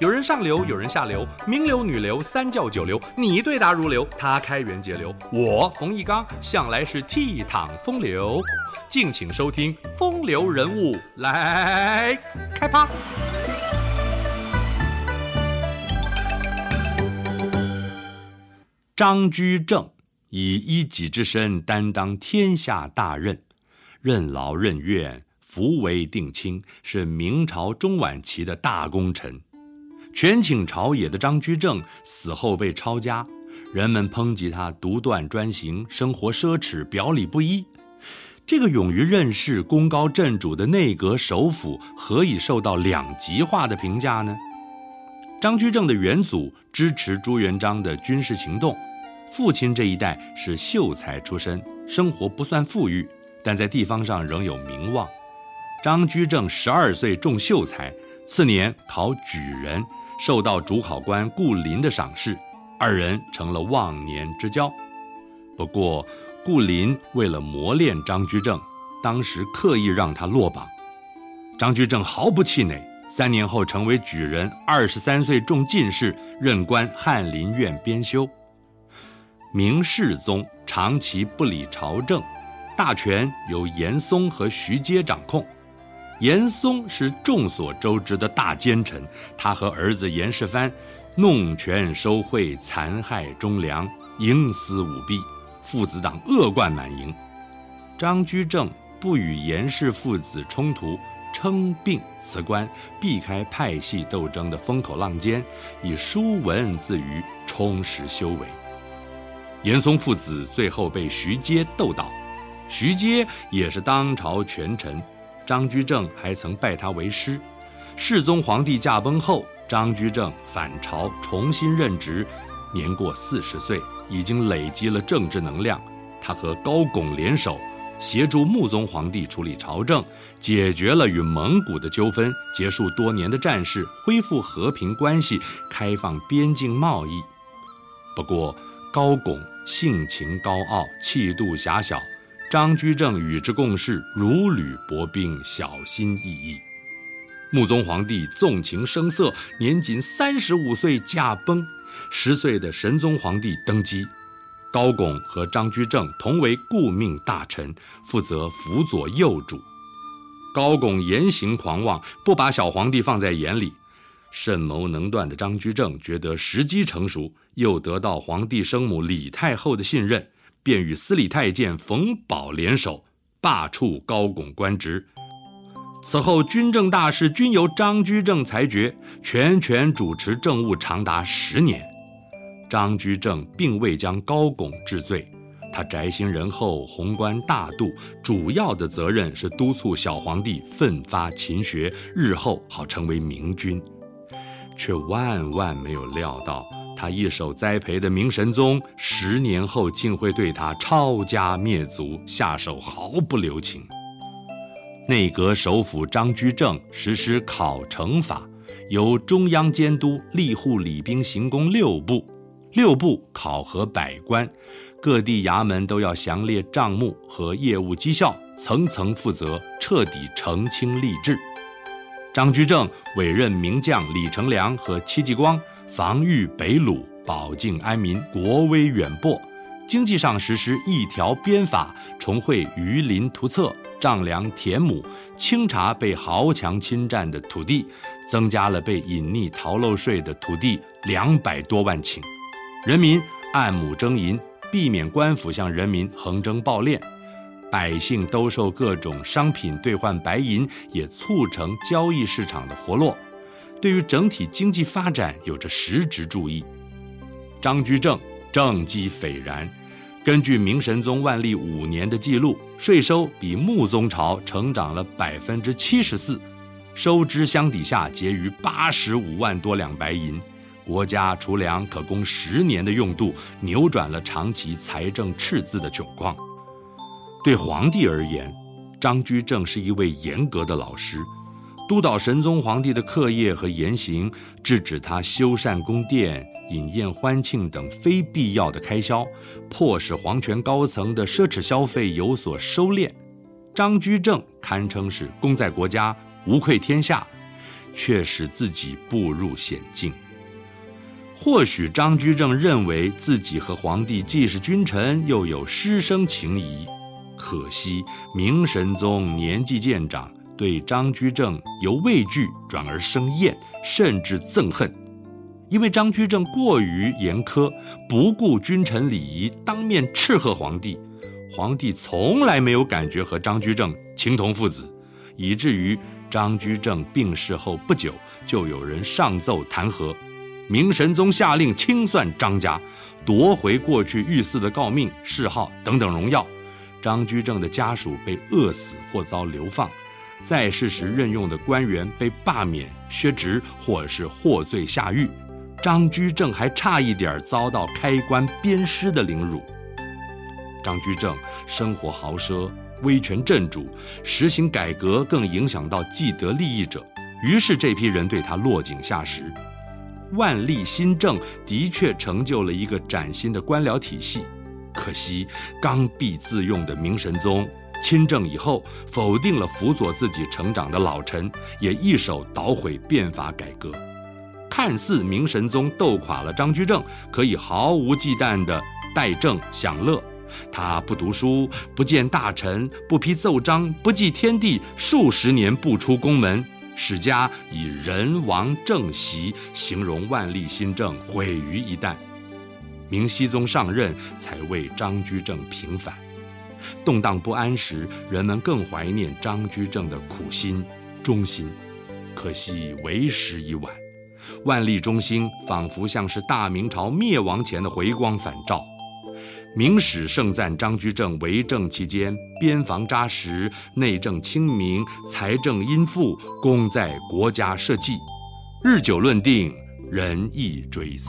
有人上流，有人下流，名流、女流、三教九流，你對答如流，他開源節流，我馮翊綱向來是倜儻風流。敬請收聽《風流人物》來，來開趴。張居正以一己之身擔當天下大任，任勞任怨，扶危定傾，是明朝中晚期的大功臣。權傾朝野的張居正死後被抄家，人們抨擊他獨斷專行、生活奢侈、表裡不一。這個勇於任事、功高震主的內閣首輔，何以受到兩極化的評價呢？張居正的遠祖支持朱元璋的軍事行動，父親這一代是秀才出身，生活不算富裕，但在地方上仍有名望。張居正十二歲中秀才。次年考舉人，受到主考官顧璘的賞識，二人成了忘年之交。不過，顧璘為了磨練張居正，當時刻意讓他落榜。張居正毫不氣餒，三年後成為舉人，二十三歲中進士，任官翰林院編修。明世宗長期不理朝政，大權由嚴嵩和徐階掌控。嚴嵩是眾所周知的大奸臣，他和兒子嚴世蕃弄權收賄，殘害忠良，營私舞弊，父子黨惡貫滿盈。張居正不與嚴氏父子衝突，稱病辭官，避開派系鬥爭的風口浪尖，以書文自娛，充實修為。嚴嵩父子最後被徐階鬥倒，徐階也是當朝權臣。張居正還曾拜他為師。世宗皇帝駕崩後，張居正返朝重新任職，年過四十歲，已經累積了政治能量。他和高拱聯手，協助穆宗皇帝處理朝政，解決了與蒙古的糾紛，結束多年的戰事，恢復和平關係，開放邊境貿易。不過，高拱性情高傲，氣度狹小。張居正與之共事，如履薄冰，小心翼翼。穆宗皇帝縱情聲色，年僅三十五歲駕崩，十歲的神宗皇帝登基。高拱和張居正同為顧命大臣，負責輔佐幼主。高拱言行狂妄，不把小皇帝放在眼裡。慎謀能斷的張居正覺得時機成熟，又得到皇帝生母李太後的信任。便與司禮太監馮保聯手，罷黜高拱官職。此後軍政大事均由張居正裁決，全權主持政務長達十年。張居正並未將高拱治罪，他宅心仁厚、宏觀大度，主要的責任是督促小皇帝奮發勤學，日後好成為明君，卻萬萬沒有料到。他一手栽培的明神宗，十年後竟會對他抄家滅族下手，毫不留情。內閣首輔張居正實施考成法，由中央監督吏戶禮兵刑工六部，六部考核百官，各地衙門都要詳列賬目和業務績效，層層負責，徹底澄清吏治。張居正委任名將李成梁和戚繼光。防禦北虜，保境安民，國威遠播。經濟上實施一條鞭法，重繪魚鱗圖冊，丈量田畝，清查被豪強侵占的土地，增加了被隱匿逃漏稅的土地兩百多萬頃。人民按畝徵銀，避免官府向人民橫徵暴斂。百姓兜售各種商品兌換白銀，也促成交易市場的活絡。對於整體經濟發展有着實質注意。張居正政績斐然，根據明神宗萬曆五年的記錄，稅收比穆宗朝成長了百分之七十四，收支相抵下結餘八十五萬多兩白銀，國家儲糧可供十年的用度，扭轉了長期財政赤字的窘況。對皇帝而言，張居正是一位嚴格的老師。督導神宗皇帝的課業和言行，制止他修繕宮殿、飲宴歡慶等非必要的開銷，迫使皇權高層的奢侈消費有所收斂。張居正堪稱是功在國家，無愧天下，卻使自己步入險境。或許張居正認為自己和皇帝既是君臣，又有師生情誼，可惜明神宗年紀漸長，對張居正由畏懼轉而生厭，甚至憎恨，因為張居正過於嚴苛，不顧君臣禮儀，當面斥喝皇帝。皇帝從來沒有感覺和張居正情同父子，以至於張居正病逝後不久，就有人上奏彈劾。明神宗下令清算張家，奪回過去御賜的誥命、諡號等等榮耀。張居正的家屬被餓死或遭流放。在世時任用的官員被罷免、削職，或是獲罪下獄。張居正還差一點遭到開棺鞭屍的凌辱。張居正生活豪奢，威權震主，實行改革更影響到既得利益者，於是這批人對他落井下石。萬曆新政的確成就了一個嶄新的官僚體系，可惜剛愎自用的明神宗。親政以後，否定了輔佐自己成長的老臣，也一手搗毀變法改革。看似明神宗鬥垮了張居正，可以毫無忌憚的怠政享樂。他不讀書，不見大臣，不批奏章，不祭天地，數十年不出宮門。史家以“人亡政息”形容萬曆新政毀於一旦。明熹宗上任才為張居正平反。動盪不安時，人們更懷念張居正的苦心、忠心，可惜為時已晚。萬歷中興仿佛像是大明朝滅亡前的回光返照。《明史》盛讚張居正為政期間，邊防扎實，內政清明，財政殷富，功在國家社稷。日久論定，人亦追思。